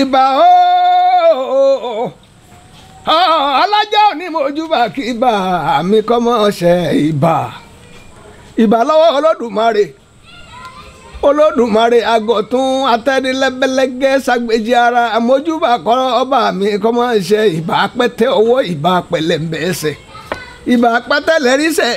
ìbà ooo alájà òní mojúbà kí ìbà mi kọ́ mọ́ ṣe ìbà ìbà lọ́wọ́ olódùmarè olódùmarè àgọ̀tún atẹ́nilẹ́bẹ́lẹ́gẹ́ ṣàgbéjì ara àmójúbà kọ́ ọba mi kọ́ mọ́ ṣe ìbà pẹ́tẹ́ ọwọ́ ìbà pẹ̀lẹ́mbẹ́ẹ́sẹ̀ ìbà pẹ́tẹ́ lẹ́rìṣẹ́.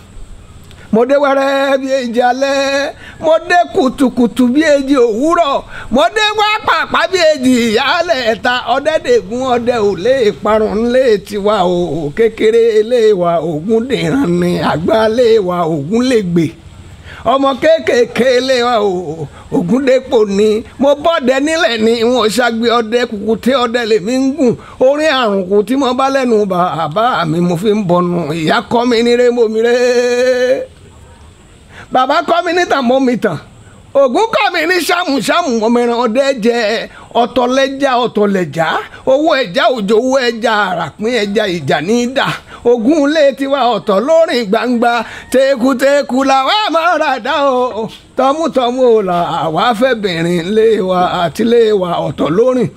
mo dé wẹ́rẹ́ bí èjì alẹ́ mo dé kùtùkùtù bí èjì òwúrọ̀ mo dé wápàpá bí èjì ìyálẹ̀ ẹ̀ta ọ̀dẹ́dẹ̀gún ọdẹ ò lè parun lè tiwa o kékeré lè wà ògún dìran ni àgbà lè wà ògún lè gbè ọmọ kéékèèké lè wà o ògúndépò ni mo bọ́dẹ nílẹ̀ ni wọn ṣàgbé ọdẹ kùkù tí ọdẹ lèmi ń gùn orí àrùn kù tí mo bá lẹ́nu bàbá mi mo fi ń bọnu ìyá kọ́ mi níré mo mi ré. Baba kọ́ mi ní thermometer ògún kọ́ mi ní ṣàmùṣàmù ọmọọ̀ràn ọdẹ jẹ ọ̀tọ̀lẹ́jà ọ̀tọ̀lẹ́jà owó ẹja òjò owó ẹja àràpín ẹja ìjà ní í dà ogún ilé tiwa ọ̀tọ̀ lórin gbangba tekuteku làwa máa rà dá o tọmútọmú o là wá fẹ́ bìnrin lé wa àtìlé wa ọ̀tọ̀ lórin.